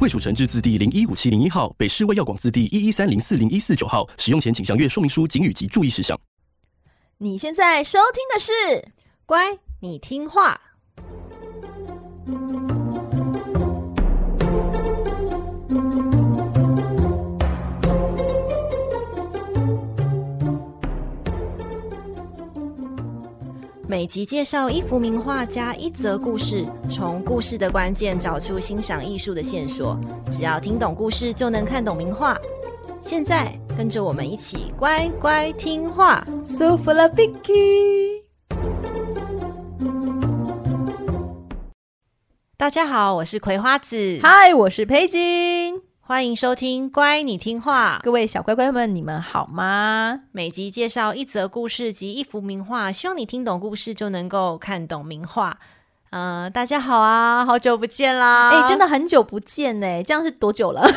衛署成製字第零一五七零一號，北市衛藥廣字第一一三零四零一四九號，使用前請詳閱說明書、警語及注意事項。你現在收聽的是《乖》，你聽畫。每集介紹一幅名畫加一則故事，從故事的關鍵找出欣賞藝術的線索。只要聽懂故事，就能看懂名畫。現在跟着我們一起乖乖聽話，舒服了，佩奇。大家好，我是葵花子。嗨，我是佩金。歡迎收聽《乖，你聽畫》，各位小乖乖們，你們好嗎？每集介紹一則故事及一幅名畫，希望你聽懂故事就能夠看懂名畫。呃，大家好啊，好久不見啦！欸，真的很久不見呢？這樣是多久了？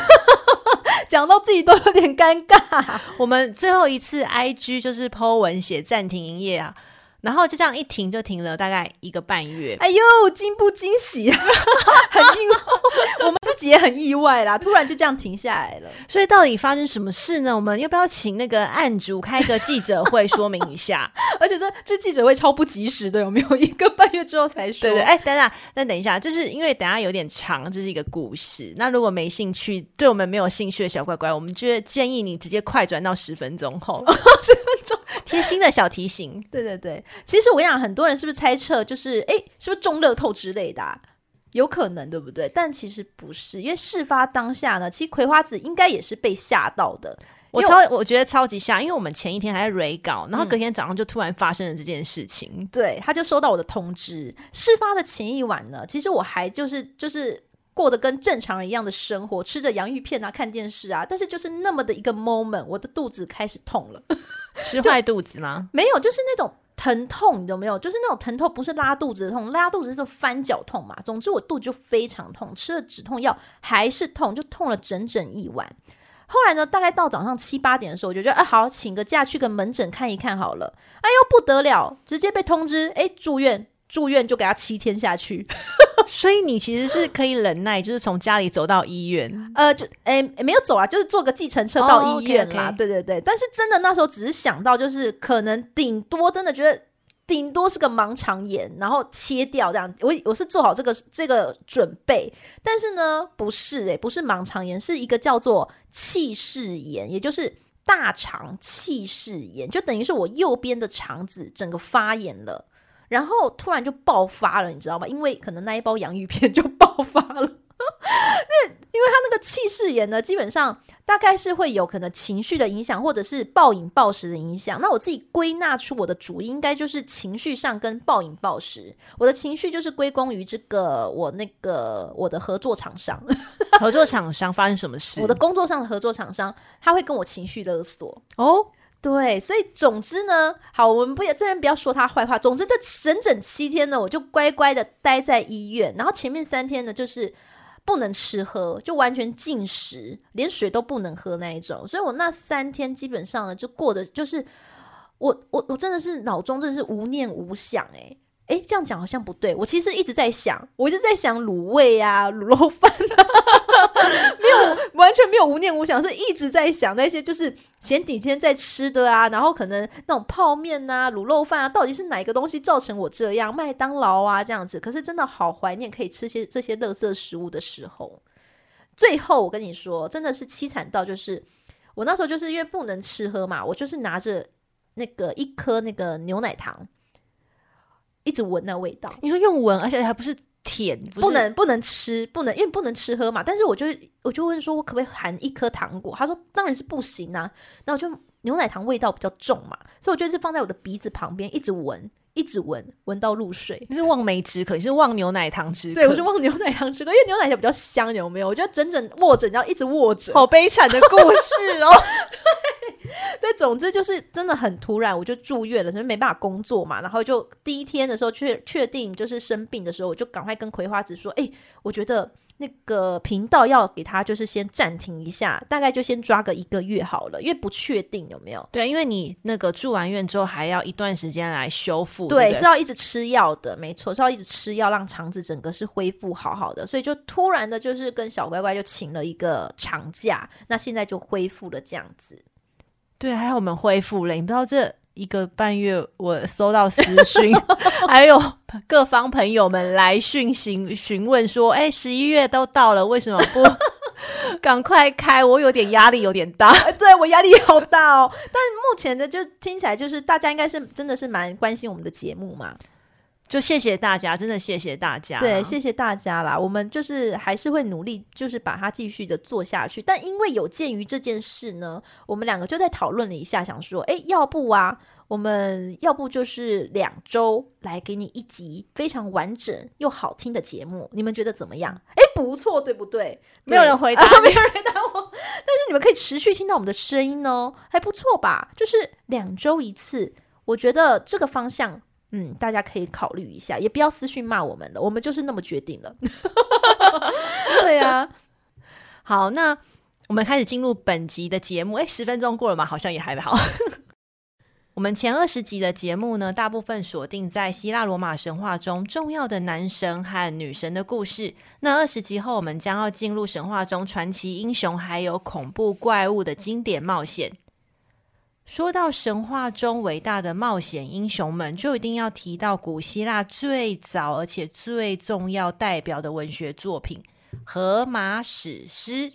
講到自己都有點尷尬。 我們最後一次 IG 就是 PO 文寫暫停營業啊。然後就這樣一停就停了大概一個半月。哎呦，驚不驚喜？ 很意外， 我們自己也很意外啦，突然就這樣停下來了。所以到底發生什麼事呢？我們要不要請那個案主開一個記者會說明一下？ 而且這這記者會超不及時的，有沒有一個半月之後才說？對對，哎，等等，那等一下，就是因為等一下有點長，這是一個故事。那如果沒興趣，對我們沒有興趣的小乖乖，我們就建議你直接快轉到十分鐘後， 十分鐘，貼心的小提醒。 對對對。其實我想，很多人是不是猜測，就是哎，是不是中樂透之類的？啊，有可能，對不對？但其實不是，因為事發當下呢，其實葵花子應該也是被嚇到的。我超，我，我覺得超級嚇，因為我們前一天還在瑞稿，然後隔天早上就突然發生了這件事情，嗯。對，他就收到我的通知。事發的前一晚呢，其實我還就是就是過得跟正常人一樣的生活，吃着洋芋片啊，看電視啊。但是就是那麼的一個 moment，我的肚子開始痛了。吃壞肚子嗎？沒有，就是那種。疼痛，你懂沒有？就是那種疼痛，不是拉肚子的痛，拉肚子是翻腳痛嘛。總之我肚子就非常痛，吃了止痛藥還是痛，就痛了整整一晚。後來呢，大概到早上七八點的時候，我就覺得，哎，好，請個假去個門診看一看好了。哎呦不得了，直接被通知，哎，住院。住院就給他七天下去， 所以你其實是可以忍耐，就是從家裡走到醫院。呃，就誒、欸、沒有走啊，就是坐個計程車到醫院啦。Oh, okay, okay. 對對對，但是真的那時候只是想到，就是可能頂多真的覺得頂多是個盲腸炎，然後切掉這樣。我我是做好這個這個準備，但是呢不是誒、欸，不是盲腸炎，是一個叫做憩室炎，也就是大腸憩室炎，就等於是我右邊的腸子整個發炎了。然後突然就爆發了，你知道嗎？因為可能那一包洋芋片就爆發了。 那因為他那個氣勢炎呢，基本上大概是會有可能情緒的影響，或者是暴飲暴食的影響。那我自己歸納出我的主因，應該就是情緒上跟暴飲暴食。我的情緒就是歸功於這個我那個我的合作廠商， 合作廠商發生什麼事？我的工作上的合作廠商，他會跟我情緒勒索哦。對，所以總之呢，好，我們不要這人，不要說他壞話。總之，這整整七天呢，我就乖乖的待在醫院，然後前面三天呢，就是不能吃喝，就完全禁食，連水都不能喝那一種。所以我那三天基本上呢，就過得就是我我我真的是腦中真的是無念無想誒。哎，這樣講好像不對。我其實一直在想，我一直在想滷味呀、啊、滷肉飯、啊，沒有，完全沒有無念無想，是一直在想那些就是前幾天在吃的啊，然後可能那種泡麵啊、滷肉飯啊，到底是哪一個東西造成我這樣？麥當勞啊這樣子。可是真的好懷念可以吃些這些垃圾食物的時候。最後我跟你說，真的是淒慘到就是，我那時候就是因為不能吃喝嘛，我就是拿着那個一顆那個牛奶糖。一直聞那味道，你說用聞，而且還不是甜，不，不能不能吃，不能，因為不能吃喝嘛。但是我就我就問說，我可不可以含一顆糖果？他說當然是不行啊。然後，我就牛奶糖味道比較重嘛，所以我就放在我的鼻子旁邊一直聞，一直聞，聞到入睡。你是望梅止渴，可是望牛奶糖止渴。對，我是望牛奶糖止渴，因為牛奶糖比較香，有沒有？我覺得整整握着，然後一直握着，好悲慘的故事哦。 對那總之就是真的很突然，我就住院了，所以沒辦法工作嘛。然後就第一天的時候確確定就是生病的時候，我就趕快跟葵花子說：“哎、欸，我覺得那個頻道要給他就是先暫停一下，大概就先抓個一個月好了，因為不確定有沒有？對，因為你那個住完院之後，還要一段時間來修復，對，是要一直吃藥的，沒錯，是要一直吃藥讓腸子整個是恢復好好的。所以就突然的，就是跟小乖乖就請了一個長假，那現在就恢復了這樣子。”對，還有我們恢復了。你不知道這一個半月我收到私訊 還有各方朋友們來訊詢詢問說，哎，十一月都到了，為什麼不 趕快開？我有點壓力，有點大，哎、對我壓力好大哦。 但目前的就聽起來就是大家應該是真的是蠻關心我們的節目嘛。就謝謝大家，真的謝謝大家、啊，對，謝謝大家啦。我們就是還是會努力，就是把它繼續的做下去。但因為有鑒於這件事呢，我們兩個就在討論了一下，想說，哎、欸，要不啊，我們要不就是兩週來給你一集非常完整又好聽的節目，你們覺得怎麼樣？哎、欸，不錯，對不對，對、啊？沒有人回答，沒有人回答我。但是你們可以持續聽到我們的聲音哦，還不錯吧？就是兩週一次，我覺得這個方向。嗯，大家可以考慮一下，也不要私訊罵我們了，我們就是那麼決定了。 對呀、啊， 好，那我們開始進入本集的節目。哎、欸，十分鐘過了嗎？好像也還沒好。 我們前二十集的節目呢，大部分鎖定在希臘羅馬神話中重要的男神和女神的故事。那二十集後，我們將要進入神話中傳奇英雄還有恐怖怪物的經典冒險。說到神話中偉大的冒險英雄們，就一定要提到古希臘最早而且最重要代表的文學作品《荷馬史詩》。《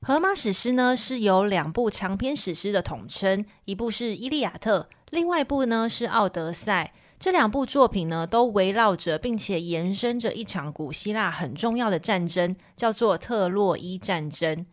荷馬史詩》呢是由兩部長篇史詩的統稱，一部是《伊利亞特》，另外一部呢是《奧德賽》。這兩部作品呢都圍繞着並且延伸着一場古希臘很重要的戰爭，叫做特洛伊戰爭。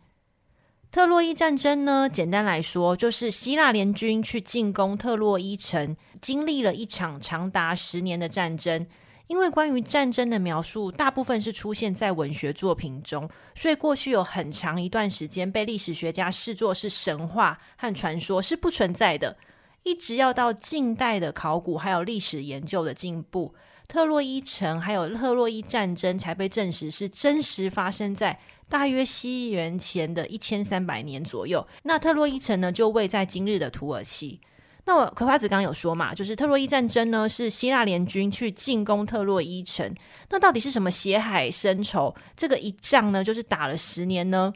特洛伊戰爭呢，簡單來說就是希臘聯軍去進攻特洛伊城，經歷了一場長達十年的戰爭。因為關於戰爭的描述大部分是出現在文學作品中，所以過去有很長一段時間被歷史學家視作是神話和傳說，是不存在的。一直要到近代的考古還有歷史研究的進步，特洛伊城還有特洛伊戰爭才被證實是真實發生在，大約西元前的一千三百年左右，那特洛伊城呢，就位在今日的土耳其。那我葵花子剛剛有說嘛，就是特洛伊戰爭呢是希臘聯軍去進攻特洛伊城，那到底是什麼血海深仇？這個一仗呢就是打了十年呢？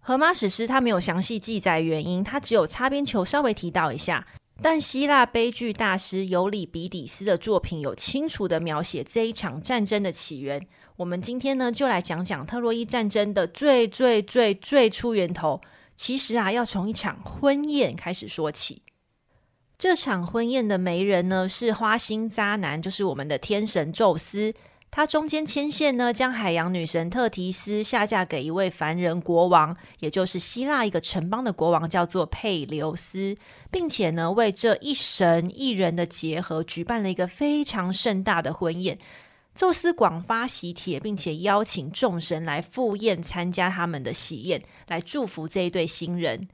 荷馬史詩他沒有詳細記載原因，他只有擦邊球稍微提到一下，但希臘悲劇大師尤里比底斯的作品有清楚的描寫這一場戰爭的起源。我們今天呢，就來講講特洛伊戰爭的最最最最初源頭。其實啊，要從一場婚宴開始說起。這場婚宴的媒人呢，是花心渣男，就是我們的天神宙斯。他中間牽線呢，將海洋女神特提斯下嫁給一位凡人國王，也就是希臘一個城邦的國王，叫做佩琉斯，並且呢，為這一神一人的結合，舉辦了一個非常盛大的婚宴。宙斯廣發喜帖，並且邀請眾神來赴宴，參加他們的喜宴，來祝福這一對新人。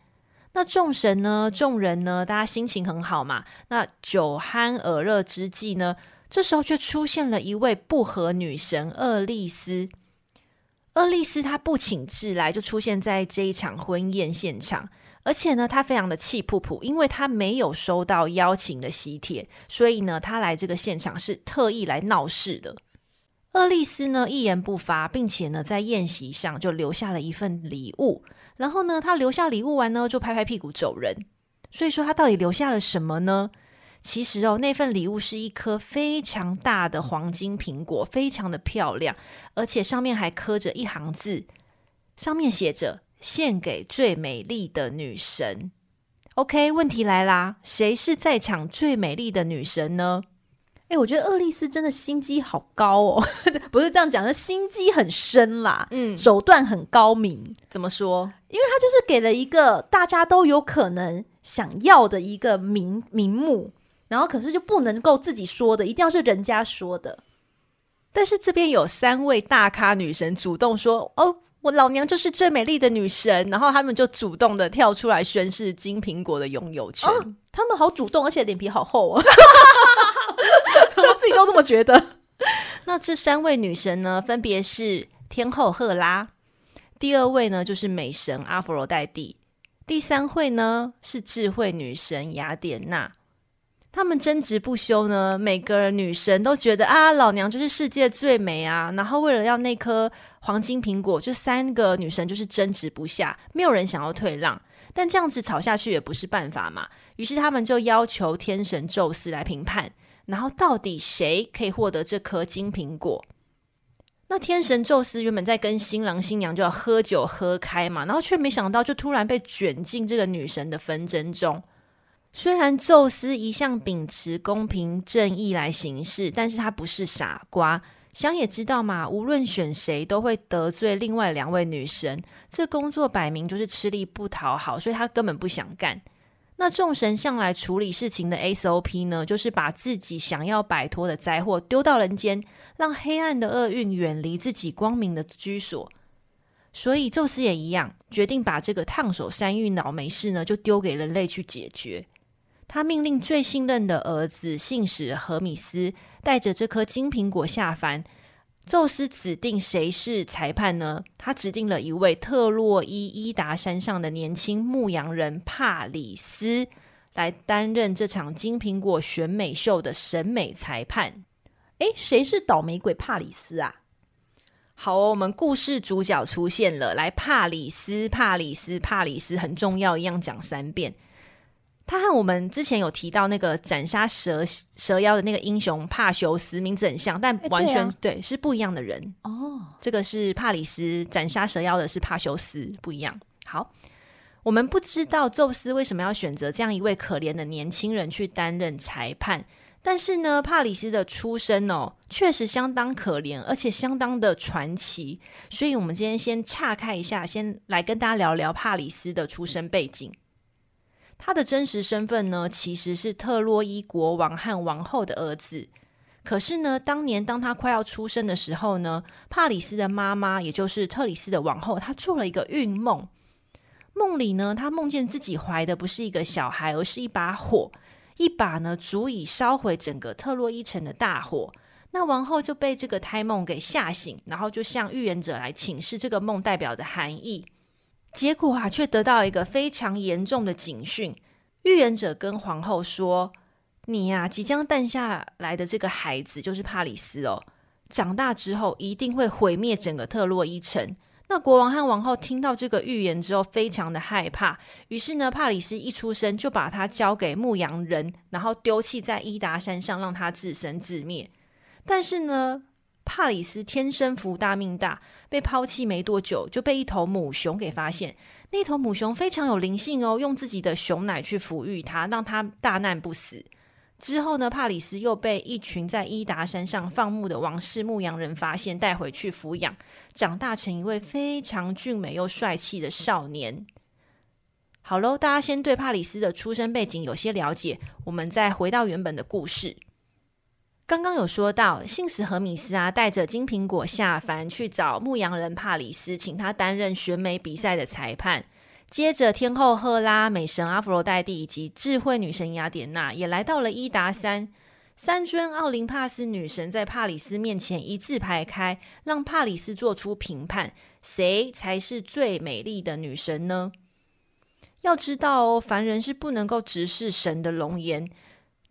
那眾神呢，眾人呢，大家心情很好嘛。那酒酣耳熱之際呢，這時候卻出現了一位不和女神厄利斯。厄利斯她不請自來，就出現在這一場婚宴現場。而且呢，她非常的氣撲撲，因為她沒有收到邀請的喜帖，所以呢，她來這個現場是特意來鬧事的。厄利斯呢，一言不發，並且呢在宴席上就留下了一份禮物，然後呢他留下禮物完呢就拍拍屁股走人。所以說他到底留下了什麼呢？其實哦，那份禮物是一顆非常大的黃金蘋果，非常的漂亮，而且上面還刻着一行字，上面寫着“獻給最美麗的女神”。OK，問題來啦，誰是在場最美麗的女神呢？欸，我覺得厄利斯真的心機好高哦， 不是這樣講的，是心機很深啦，嗯，手段很高明。怎麼說？因為他就是給了一個大家都有可能想要的一個名名目，然後可是就不能夠自己說的，一定要是人家說的。但是這邊有三位大咖女神主動說：“哦，我老娘就是最美麗的女神。”然後他們就主動的跳出來宣示金蘋果的擁有權。哦，他們好主動，而且臉皮好厚哦。 自己 都這麼覺得。 那這三位女神呢，分別是天後赫拉，第二位呢就是美神阿佛羅黛蒂，第三位呢是智慧女神雅典娜。他們爭執不休呢，每個女神都覺得啊，老娘就是世界最美啊。然後為了要那顆黃金蘋果，就三個女神就是爭執不下，沒有人想要退讓。但這樣子吵下去也不是辦法嘛，於是他們就要求天神宙斯來評判。然後到底誰可以獲得這顆金蘋果？那天神宙斯原本在跟新郎新娘就要喝酒喝開嘛，然後卻沒想到就突然被捲進這個女神的紛爭中。雖然宙斯一向秉持公平正義來行事，但是他不是傻瓜，想也知道嘛，無論選誰都會得罪另外兩位女神，這工作擺明就是吃力不討好，所以他根本不想幹。那眾神向來處理事情的 SOP 呢，就是把自己想要擺脫的災禍丟到人間，讓黑暗的厄運遠離自己光明的居所。所以宙斯也一樣，決定把這個燙手山芋腦沒事呢，就丟給人類去解決。他命令最信任的兒子信使荷米斯，帶着這顆金蘋果下凡。宙斯指定誰是裁判呢？他指定了一位特洛伊伊達山上的年輕牧羊人帕里斯來擔任這場金蘋果選美秀的審美裁判。誒，誰是倒霉鬼帕里斯啊？好哦，我們故事主角出現了，來，帕里斯，帕里斯，帕里斯，很重要，一樣講三遍。他和我們之前有提到那個斬殺蛇蛇妖的那個英雄帕修斯名字很像，但完全，欸，對啊。對，是不一樣的人哦。Oh. 這個是帕里斯，斬殺蛇妖的是帕修斯，不一樣。好，我們不知道宙斯為什麼要選擇這樣一位可憐的年輕人去擔任裁判，但是呢，帕里斯的出身哦確實相當可憐，而且相當的傳奇。所以，我們今天先岔開一下，先來跟大家聊聊帕里斯的出身背景。他的真實身份呢，其實是特洛伊國王和王後的兒子。可是呢，當年當他快要出生的時候呢，帕里斯的媽媽，也就是特里斯的王後，她做了一個孕夢。夢裡呢，她夢見自己懷的不是一個小孩，而是一把火，一把呢足以燒毀整個特洛伊城的大火。那王后就被這個胎夢給嚇醒，然後就向預言者來請示這個夢代表的含義。結果啊，卻得到一個非常嚴重的警訊。預言者跟皇後說：“你呀，即將誕下來的這個孩子就是帕里斯哦，長大之後一定會毀滅整個特洛伊城。”那國王和王后聽到這個預言之後，非常的害怕。於是呢，帕里斯一出生就把他交給牧羊人，然後丟棄在伊達山上，讓他自生自滅。但是呢，帕里斯天生福大命大。被拋棄沒多久，就被一頭母熊給發現。那頭母熊非常有靈性哦，用自己的熊奶去撫育它，讓它大難不死。之後呢，帕里斯又被一群在伊達山上放牧的王室牧羊人發現，帶回去撫養，長大成一位非常俊美又帥氣的少年。好嘍，大家先對帕里斯的出生背景有些了解，我們再回到原本的故事。剛剛有說到，信使荷米斯啊，帶着金蘋果下凡去找牧羊人帕里斯，請他擔任選美比賽的裁判。接着，天後赫拉、美神阿芙蘿黛蒂以及智慧女神雅典娜也來到了伊達山，三尊奧林帕斯女神在帕里斯面前一字排開，讓帕里斯做出評判，誰才是最美麗的女神呢？要知道哦，凡人是不能夠直視神的容顏。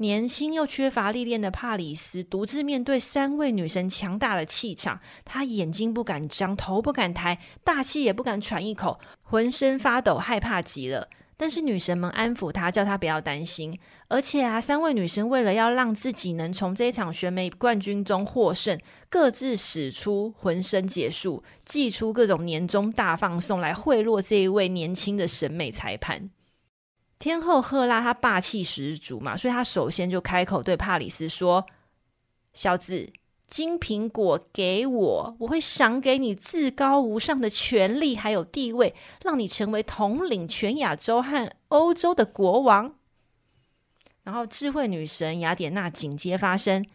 年輕又缺乏歷練的帕里斯，獨自面對三位女神強大的氣場，他眼睛不敢張，頭不敢抬，大氣也不敢喘一口，渾身發抖，害怕極了。但是女神們安撫他，叫他不要擔心。而且啊，三位女神為了要讓自己能從這場選美冠軍中獲勝，各自使出渾身解數，祭出各種年終大放送來賄賂這一位年輕的審美裁判。天後赫拉她霸氣十足嘛，所以她首先就開口對帕里斯說：“小子，金蘋果給我，我會賞給你至高無上的權力還有地位，讓你成為統領全亞洲和歐洲的國王。”然後智慧女神雅典娜緊接發聲：“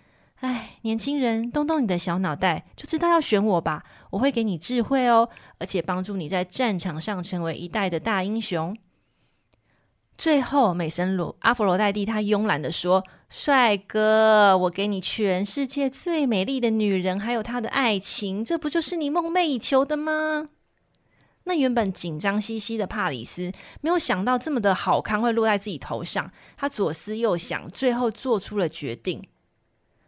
哎，年輕人，動動你的小腦袋就知道要選我吧，我會給你智慧哦，而且幫助你在戰場上成為一代的大英雄。”最後，美神羅阿佛羅戴蒂他慵懶地說：“帥哥，我給你全世界最美麗的女人，還有她的愛情，這不就是你夢寐以求的嗎？”那原本緊張兮兮的帕里斯沒有想到這麼的好康會落在自己頭上，他左思右想，最後做出了決定，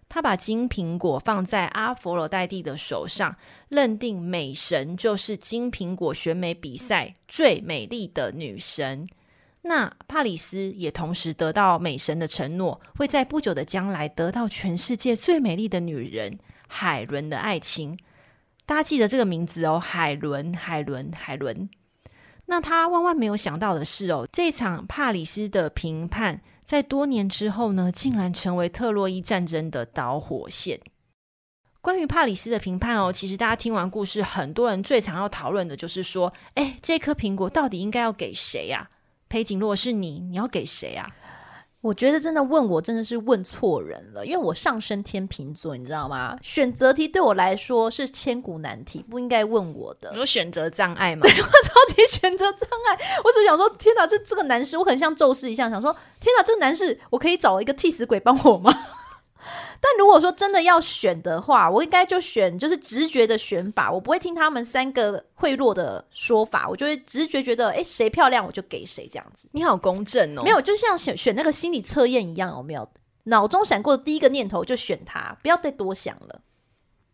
他把金蘋果放在阿佛羅戴蒂的手上，認定美神就是金蘋果選美比賽最美麗的女神。那帕里斯也同時得到美神的承諾，會在不久的將來得到全世界最美麗的女人海倫的愛情。大家記得這個名字哦，海倫，海倫，海倫。那他萬萬沒有想到的是哦，這場帕里斯的評判在多年之後呢，竟然成為特洛伊戰爭的導火線。關於帕里斯的評判哦，其實大家聽完故事，很多人最常要討論的就是說：誒，這顆蘋果到底應該要給誰呀，啊？裴景，若是你，你要給誰啊？我覺得真的問我，真的是問錯人了，因為我上升天秤座，你知道嗎？選擇題對我來說是千古難題，不應該問我的。有選擇障礙嗎？對，我超級選擇障礙。我只想說，天哪，這這個男士，我很像宙斯一樣，想說，天哪，這個男士，我可以找一個替死鬼幫我嗎？但如果說真的要選的話，我應該就選就是直覺的選法，我不會聽他們三個賄賂的說法，我就會直覺覺得，哎、欸，誰漂亮我就給誰這樣子。你好公正哦，沒有，就像選選那個心理測驗一樣，有沒有腦中閃過的第一個念頭就選他，不要再多想了。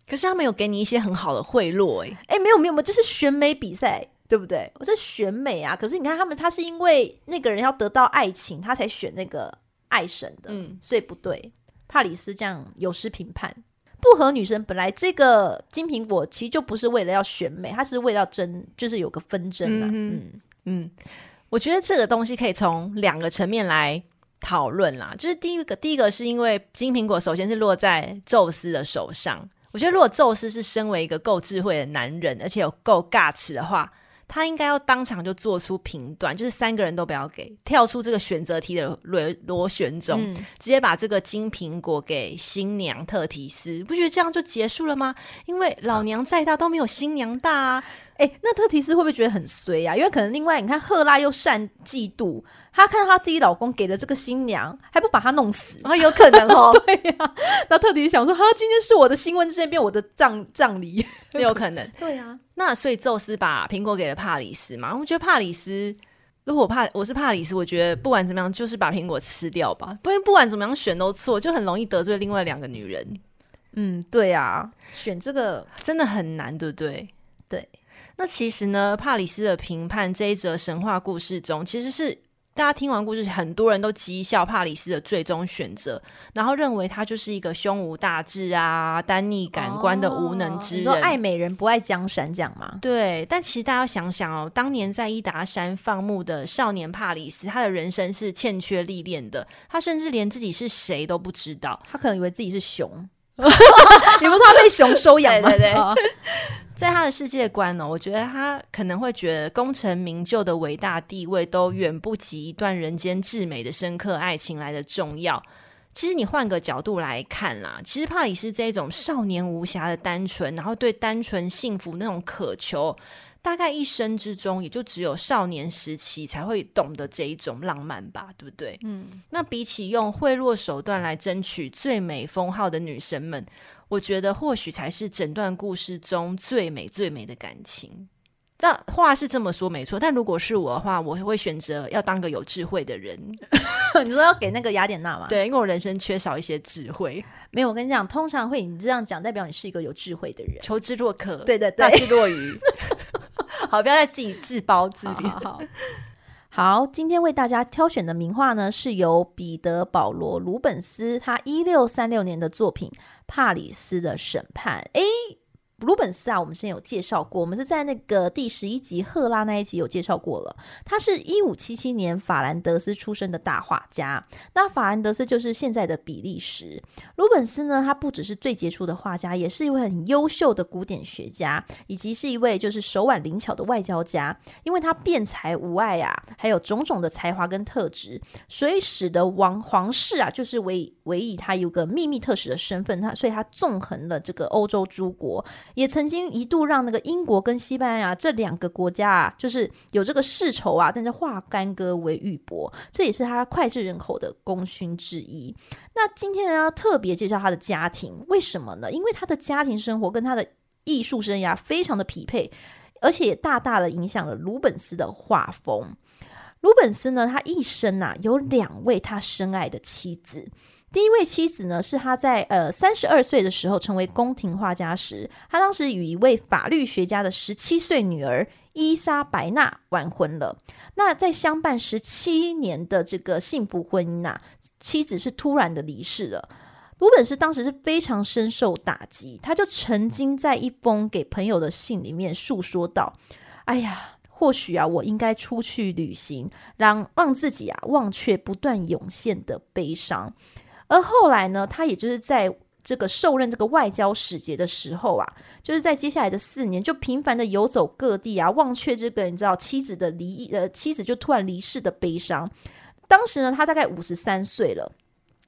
可是他們有給你一些很好的賄賂、欸，哎哎、欸，沒有沒有沒有，這是選美比賽對不對？我是選美啊，可是你看他們，他是因為那個人要得到愛情，他才選那個愛神的，嗯，所以不對。帕里斯這樣有失評判，不和女神。本來這個金蘋果其實就不是為了要選美，它是為了要爭，就是有個紛爭了，啊。嗯哼嗯，嗯，我覺得這個東西可以從兩個層面來討論啦。就是第一個，第一個是因為金蘋果首先是落在宙斯的手上。我覺得如果宙斯是身為一個夠智慧的男人，而且有夠尬詞的話。他應該要當場就做出評斷，就是三個人都不要給，跳出這個選擇題的螺螺旋中，嗯，直接把這個金蘋果給新娘特提斯，不覺得這樣就結束了嗎？因為老娘再大都沒有新娘大啊。哎、欸，那特提斯會不會覺得很衰啊？因為可能另外，你看赫拉又善嫉妒，她看到她自己老公給了這個新娘，還不把她弄死，然後，有可能哦。 對呀、啊，那特提斯想說，哈，今天是我的新婚之夜，變我的葬葬禮， 沒有可能。對呀、啊，那所以宙斯把蘋果給了帕里斯嘛？我覺得帕里斯，如果我怕我是帕里斯，我覺得不管怎麼樣，就是把蘋果吃掉吧。不然不管怎麼樣選都錯，就很容易得罪另外兩個女人。嗯，對啊，選這個真的很難，對不對？對。那其實呢，帕里斯的評判這一則神話故事中，其實是大家聽完故事，很多人都譏笑帕里斯的最終選擇，然後認為他就是一個胸無大志啊、耽溺感官的無能之人，哦、你說愛美人不愛江山，這樣嗎？對。但其實大家想想哦，當年在伊達山放牧的少年帕里斯，他的人生是欠缺歷練的，他甚至連自己是誰都不知道，他可能以為自己是熊， 你不是他被熊收養了 對，對對。 在他的世界觀呢，我覺得他可能會覺得功成名就的偉大地位，都遠不及一段人間至美的深刻愛情來的重要。其實你換個角度來看啦，其實帕里斯這種少年無瑕的單純，然後對單純幸福那種渴求，大概一生之中也就只有少年時期才會懂得這一種浪漫吧，對不對？嗯，那比起用賄賂手段來爭取最美封號的女神們，我覺得或許才是整段故事中最美最美的感情。這話是這麼說沒錯，但如果是我的話，我會選擇要當個有智慧的人。你說要給那個雅典娜嗎？對，因為我人生缺少一些智慧。沒有，我跟你講，通常會你這樣講，代表你是一個有智慧的人，求知若渴，對對對，大智若愚。 好，不要再自己自暴自棄。好好好好。好，今天為大家挑選的名畫呢，是由彼得·保羅·魯本斯，他一六三六年的作品《帕里斯的審判》誒魯本斯啊，我們之前有介紹過，我們是在那個第十一集赫拉那一集有介紹過了。他是一五七七年法蘭德斯出生的大畫家，那法蘭德斯就是現在的比利時。魯本斯呢，他不只是最傑出的畫家，也是一位很優秀的古典學家，以及是一位就是手腕靈巧的外交家，因為他辯才無礙啊，還有種種的才華跟特質，所以使得王皇室啊，就是委委以他有個秘密特使的身份，他所以他縱橫了這個歐洲諸國。也曾經一度讓那個英國跟西班牙這兩個國家啊，就是有這個世仇啊，但是化干戈為玉帛，這也是他膾炙人口的功勳之一。那今天呢，要特別介紹他的家庭，為什麼呢？因為他的家庭生活跟他的藝術生涯非常的匹配，而且也大大的影響了魯本斯的畫風。魯本斯呢，他一生吶，啊，有兩位他深愛的妻子。第一位妻子呢，是他在呃三十二歲的時候成為宮廷畫家時，他當時與一位法律學家的十七歲女兒伊莎白娜完婚了。那在相伴十七年的這個幸福婚姻吶啊，妻子是突然的離世了。魯本斯當時是非常深受打擊，他就曾經在一封給朋友的信裡面訴說道：“哎呀，或許啊，我應該出去旅行，讓讓自己啊忘卻不斷湧現的悲傷。”而後來呢，他也就是在這個受任這個外交使節的時候啊，就是在接下來的四年，就頻繁的遊走各地啊，忘卻這個你知道妻子的離異，呃，妻子就突然離世的悲傷。當時呢，他大概五十三歲了，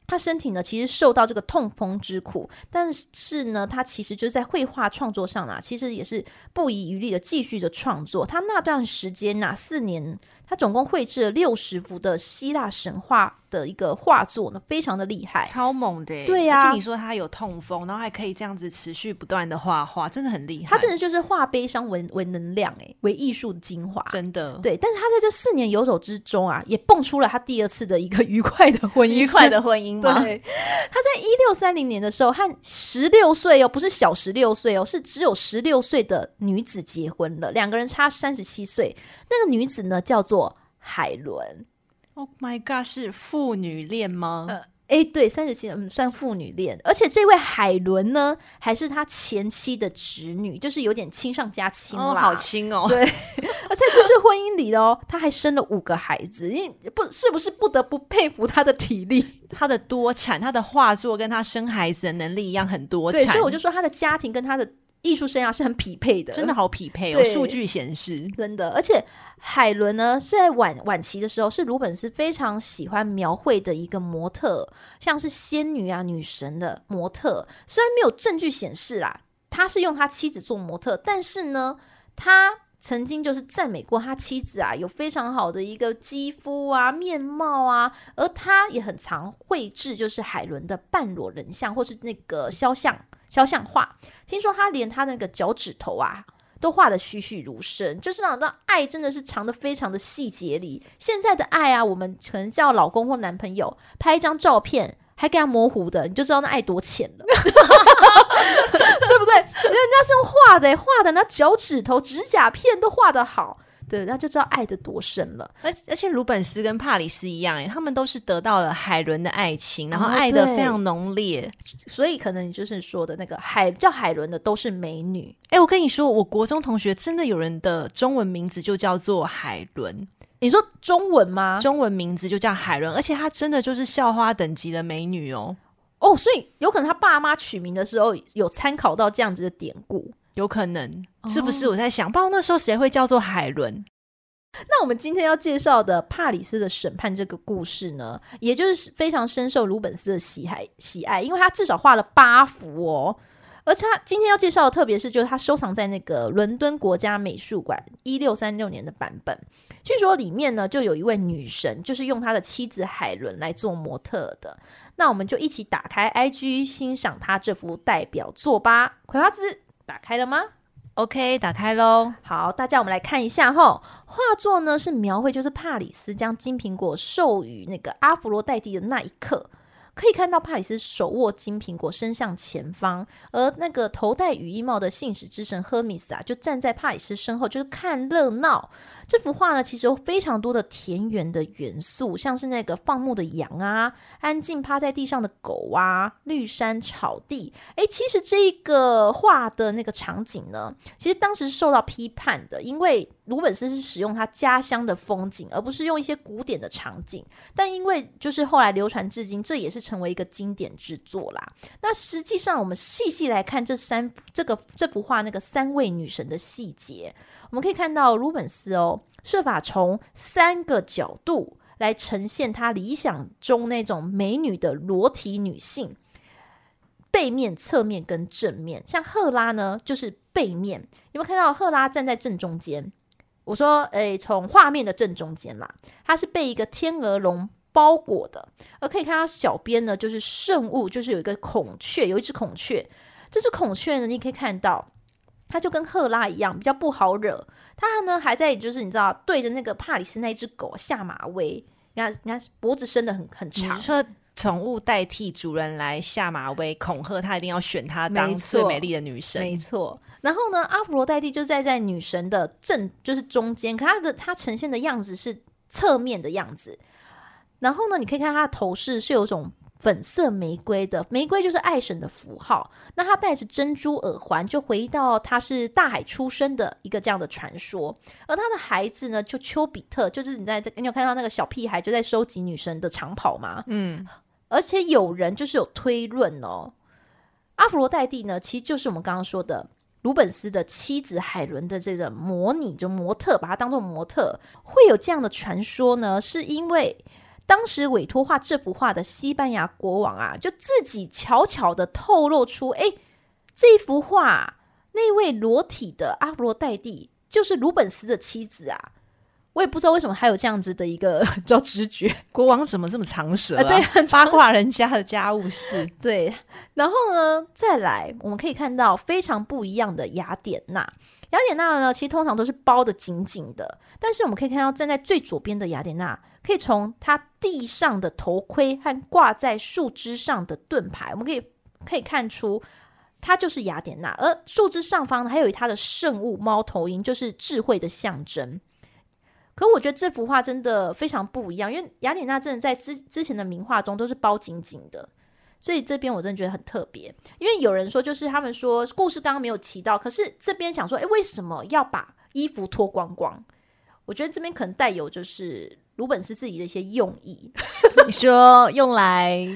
他身體呢其實受到這個痛風之苦，但是呢，他其實就是在繪畫創作上啊，其實也是不遺餘力的繼續著創作。他那段時間啊，四年，他總共繪製了六十幅的希臘神話。的一個畫作呢，非常的厲害，超猛的。對呀，而且，你說他有痛風，然後還可以這樣子持續不斷的畫畫，真的很厲害。他真的就是化悲傷為為能量，哎，為藝術的精華，真的。對，但是他在這四年遊走之中啊，也蹦出了他第二次的一個愉快的婚姻，姻。愉快的婚姻。對，他在一六三零年的時候，和十六歲哦，不是小十六歲哦，是只有十六歲的女子結婚了，兩個人差三十七歲。那個女子呢，叫做海倫。Oh my god，是父女戀嗎？呃，哎，對，三十七，嗯，算父女戀。而且這位海倫呢，還是他前妻的侄女，就是有點親上加親哦。好親哦，對。 而且這是婚姻裡的哦，他還生了五個孩子，因為不是不是不得不佩服他的體力、他的多產、他的畫作，跟他生孩子的能力一樣很多產。對，所以我就說他的家庭跟他的。藝術生涯是很匹配的，真的好匹配哦！對數據顯示，真的。而且海倫呢，是在晚晚期的時候，是魯本斯非常喜歡描繪的一個模特，像是仙女啊、女神的模特。雖然沒有證據顯示啦，他是用他妻子做模特，但是呢，他曾經就是讚美過他妻子啊，有非常好的一個肌膚啊、面貌啊。而他也很常繪制就是海倫的半裸人像，或是那個肖像。肖像畫，聽說他連他那個腳趾頭啊，都畫的栩栩如生，就是那、啊、種愛真的是藏的非常的細節裡。現在的愛啊，我們可能叫老公或男朋友拍一張照片，還給他模糊的，你就知道那愛多淺了，對不對？ 人家是用畫的、欸，畫的那腳趾頭、指甲片都畫的好。對，那就知道愛的多深了。而而且魯本斯跟帕里斯一樣，誒，他們都是得到了海倫的愛情，嗯、然後愛的非常濃烈。所以可能你就是說的那個海叫海倫的都是美女。誒、欸，我跟你說，我國中同學真的有人的中文名字就叫做海倫。你說中文嗎？中文名字就叫海倫，而且她真的就是校花等級的美女哦。哦，所以有可能他爸媽取名的時候有參考到這樣子的典故。有可能，是不是？我在想，不知道那時候誰會叫做海倫？Oh. 那我們今天要介紹的《帕里斯的審判》這個故事呢，也就是非常深受魯本斯的喜愛喜愛，因為他至少畫了八幅哦。而且他今天要介紹的，特別是就是他收藏在那個倫敦國家美術館一六三六年的版本，據說裡面呢就有一位女神，就是用他的妻子海倫來做模特的。那我們就一起打開 IG 欣賞他這幅代表作吧，葵花子。打開了嗎？OK，打開嘍。好，大家我們來看一下哈、哦，畫作呢是描繪就是帕里斯將金蘋果授予那個阿佛羅代蒂的那一刻，可以看到帕里斯手握金蘋果伸向前方，而那個頭戴羽衣帽的信使之神赫米斯啊，就站在帕里斯身後，就是看熱鬧。這幅畫呢，其實有非常多的田園的元素，像是那個放牧的羊啊，安靜趴在地上的狗啊，綠山草地。誒，其實這一個畫的那個場景呢，其實當時是受到批判的，因為魯本斯是使用他家鄉的風景，而不是用一些古典的場景。但因為就是後來流傳至今，這也是成為一個經典之作啦。那實際上我們細細來看這三這個這幅畫那個三位女神的細節。我們可以看到魯本斯哦，設法從三個角度來呈現他理想中那種美女的裸體女性，背面、側面跟正面。像赫拉呢，就是背面。有沒有看到赫拉站在正中間？我說，哎，從畫面的正中間啦，她是被一個天鵝絨包裹的。而可以看到腳邊呢，腳邊呢就是聖物，就是有一個孔雀，有一隻孔雀。這隻孔雀呢，你可以看到。他就跟赫拉一樣，比較不好惹。他呢還在，就是你知道，對着那個帕里斯那只狗下馬威。你看，你看，脖子伸得很很長。比如說寵物代替主人來下馬威，恐嚇他一定要選他當最美麗的女神。沒錯，沒錯。然後呢，阿芙蘿黛蒂就站在，在女神的正，就是中間。可他的他呈現的樣子是側面的樣子。然後呢，你可以看他的頭飾是有一種。粉色玫瑰的玫瑰就是愛神的符號，那他戴着珍珠耳環，就回到他是大海出生的一個這樣的傳說。而他的孩子呢，就丘比特，就是你在這，你有看到那個小屁孩就在收集女神的長袍嗎？嗯，而且有人就是有推論哦，阿芙蘿黛蒂呢，其實就是我們剛剛說的魯本斯的妻子海倫的這個模擬，就模特，把她當做模特，會有這樣的傳說呢，是因為。當時委託畫這幅畫的西班牙國王啊，就自己悄悄的透露出：哎，這幅畫那位裸體的阿佛羅代蒂就是魯本斯的妻子啊！我也不知道為什麼還有這樣子的一個叫直覺， 國王怎麼這麼長舌、啊啊、對、啊，八卦人家的家務事。 對，然後呢，再來我們可以看到非常不一樣的雅典娜。雅典娜呢，其實通常都是包的緊緊的。但是我們可以看到，站在最左邊的雅典娜，可以從她地上的頭盔和掛在樹枝上的盾牌，我們可以可以看出，她就是雅典娜。而樹枝上方呢，還有她的聖物——貓頭鷹，就是智慧的象徵。可我覺得這幅畫真的非常不一樣，因為雅典娜真的在之之前的名畫中都是包緊緊的。所以這邊我真的覺得很特別，因為有人說就是他們說故事剛剛沒有提到，可是這邊想說，哎，為什麼要把衣服脫光光？我覺得這邊可能帶有就是魯本斯自己的一些用意，你說用來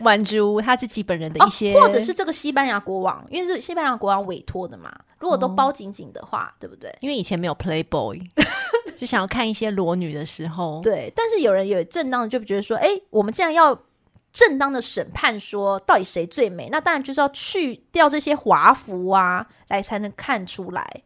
滿足他自己本人的一些，或者是這個西班牙國王，因為是西班牙國王委托的嘛，如果都包緊緊的話，嗯、對不對？因為以前沒有 Playboy， 就想要看一些裸女的時候，對。但是有人有正當的就覺得說，哎，我們既然要。正當的審判說，到底誰最美？那當然就是要去掉這些華服啊，來才能看出來，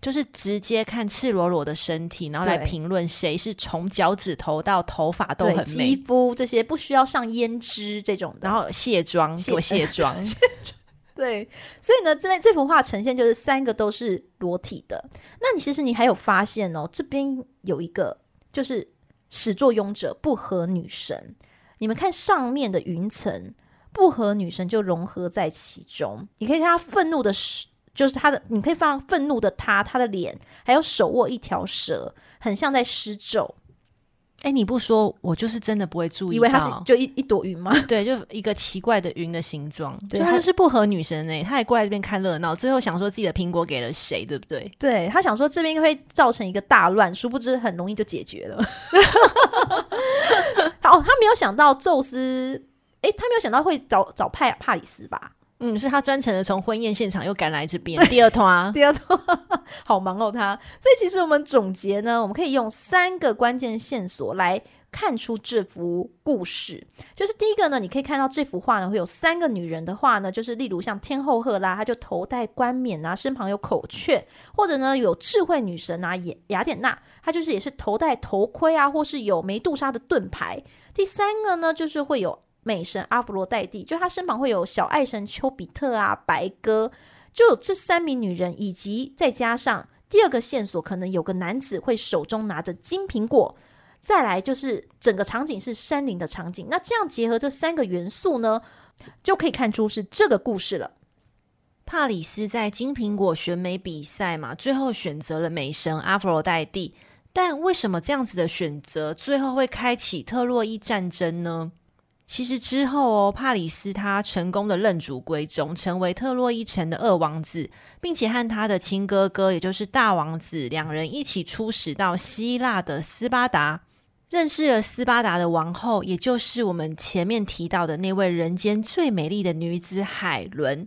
就是直接看赤裸裸的身體，然後來評論誰是從腳趾頭到頭髮都很美，肌膚這些不需要上胭脂這種，然後卸妝，做卸、卸妝， 對。所以呢，這邊這幅畫呈現就是三個都是裸體的。那你其實你還有發現哦，這邊有一個就是始作俑者不和女神。你們看上面的雲層，不和女神就融合在其中，你可以看她憤怒的、就是她的，你可以發憤怒的她，他的臉，還有手握一條蛇，很像在施咒。哎、欸，你不說，我就是真的不會注意。以為她是就一一朵雲嗎？對，就一個奇怪的雲的形狀。對，她就是不和女神呢、欸，她也過來這邊看熱鬧。最後想說自己的蘋果給了誰，對不對？對，他想說這邊會造成一個大亂，殊不知很容易就解決了。 哦，他沒有想到宙斯，哎、欸，他沒有想到會找找派帕里斯吧？嗯，是他專程的從婚宴現場又趕來這邊 第二趟啊，第二趟好忙哦他。所以其實我們總結呢，我們可以用三個關鍵線索來看出這幅故事。就是第一個呢，你可以看到這幅畫呢會有三個女人的畫呢，就是例如像天後赫拉，她就頭戴冠冕啊，身旁有孔雀，或者呢有智慧女神啊雅雅典娜，她就是也是頭戴頭盔啊，或是有梅杜莎的盾牌。第三個呢，就是會有美神阿佛羅戴蒂，就他身旁會有小愛神丘比特啊，白鴿，就這三名女人，以及再加上第二個線索，可能有個男子會手中拿着金蘋果。再來就是整個場景是山林的場景，那這樣結合這三個元素呢，就可以看出是這個故事了。帕里斯在金蘋果選美比賽嘛，最後選擇了美神阿佛羅戴蒂。但為什麼這樣子的選擇最後會開啟特洛伊戰爭呢？其實之後哦，帕里斯他成功的認主歸宗，成為特洛伊城的二王子，並且和他的親哥哥，也就是大王子，兩人一起出使到希臘的斯巴達，認識了斯巴達的王後，也就是我們前面提到的那位人間最美麗的女子海倫。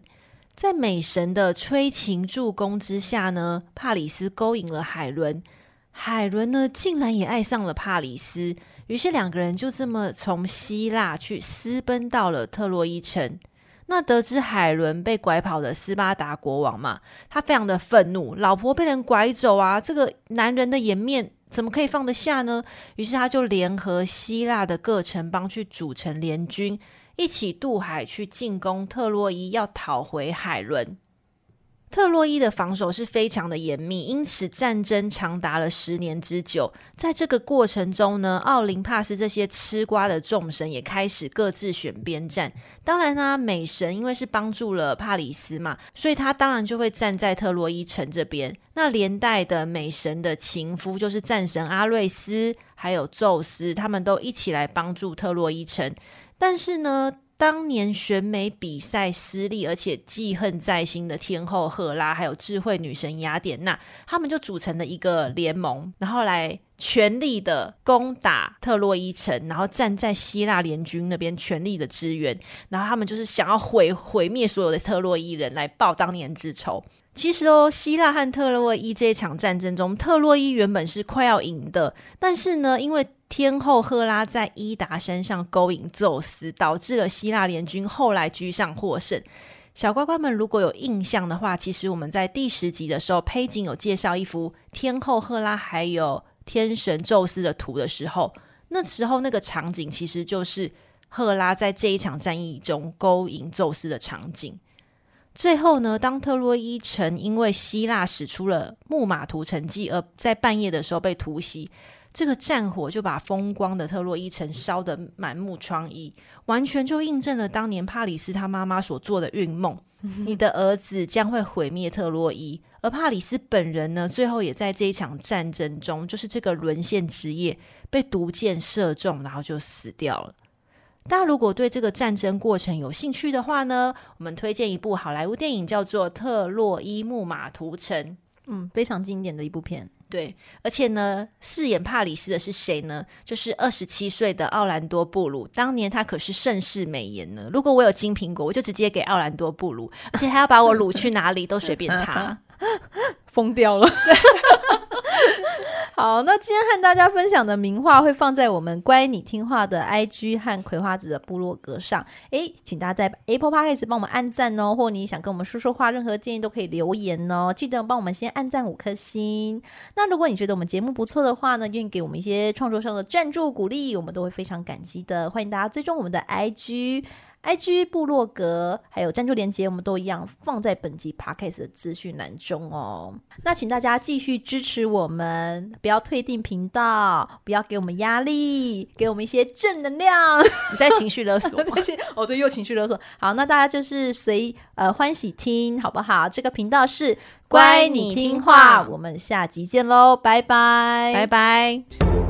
在美神的催情助攻之下呢，帕里斯勾引了海倫。海倫呢，竟然也愛上了帕里斯，於是兩個人就這麼從希臘去私奔到了特洛伊城。那得知海倫被拐跑的斯巴達國王嘛，他非常的憤怒，老婆被人拐走啊，這個男人的顏面怎麼可以放得下呢？於是他就聯合希臘的各城邦去組成聯軍，一起渡海去進攻特洛伊，要討回海倫。特洛伊的防守是非常的嚴密，因此戰爭長達了十年之久。在這個過程中呢，奧林帕斯這些吃瓜的眾神也開始各自選邊站。當然呢、啊，美神因為是幫助了帕里斯嘛，所以他當然就會站在特洛伊城這邊。那連帶的美神的情夫就是戰神阿瑞斯，還有宙斯，他們都一起來幫助特洛伊城。但是呢。當年選美比賽失利，而且記恨在心的天後赫拉，還有智慧女神雅典娜，他們就組成了一個聯盟，然後來全力的攻打特洛伊城，然後站在希臘聯軍那邊全力的支援，然後他們就是想要毀毀滅所有的特洛伊人，來報當年之仇。其實哦，希臘和特洛伊這一場戰爭中，特洛伊原本是快要贏的，但是呢，因為天後赫拉在伊達山上勾引宙斯，導致了希臘聯軍後來居上獲勝。小乖乖們，如果有印象的話，其實我們在第十集的時候，配景有介紹一幅天後赫拉還有天神宙斯的圖的時候，那時候那個場景其實就是赫拉在這一場戰役中勾引宙斯的場景。最後呢，當特洛伊城因為希臘使出了木馬屠城計，而在半夜的時候被突襲。這個戰火就把風光的特洛伊城燒得滿目瘡痍，完全就印證了當年帕里斯他媽媽所做的孕夢： 你的兒子將會毀滅特洛伊。而帕里斯本人呢，最後也在這一場戰爭中，就是這個淪陷之夜，被毒箭射中，然後就死掉了。大家如果對這個戰爭過程有興趣的話呢，我們推薦一部好萊塢電影叫做《特洛伊木馬屠城》，嗯，非常經典的一部片。對，而且呢，飾演帕里斯的是誰呢？就是二十七歲的奧蘭多·布魯。當年他可是盛世美顏呢。如果我有金蘋果，我就直接給奧蘭多·布魯，而且他要把我擄去哪裡都隨便他。 瘋 掉了！ 好，那今天和大家分享的名畫會放在我們乖，你聽畫的 IG 和葵花子的部落格上。哎，請大家在 Apple Podcast 幫我們按讚哦，或你想跟我們說說話，任何建議都可以留言哦。記得幫我們先按讚五顆星。那如果你覺得我們節目不錯的話呢，願意給我們一些創作上的贊助鼓勵，我們都會非常感激的。歡迎大家追蹤我們的 IG。IG 部落格、還有贊助連結，我們都一樣放在本集 Podcast 的資訊欄中哦。那請大家繼續支持我們，不要退訂頻道，不要給我們壓力，給我們一些正能量。 你在情緒勒索？ 哦，對，又情緒勒索。好，那大家就是隨呃歡喜聽，好不好？這個頻道是乖，你聽畫。聽畫我們下集見嘍，拜拜，拜拜。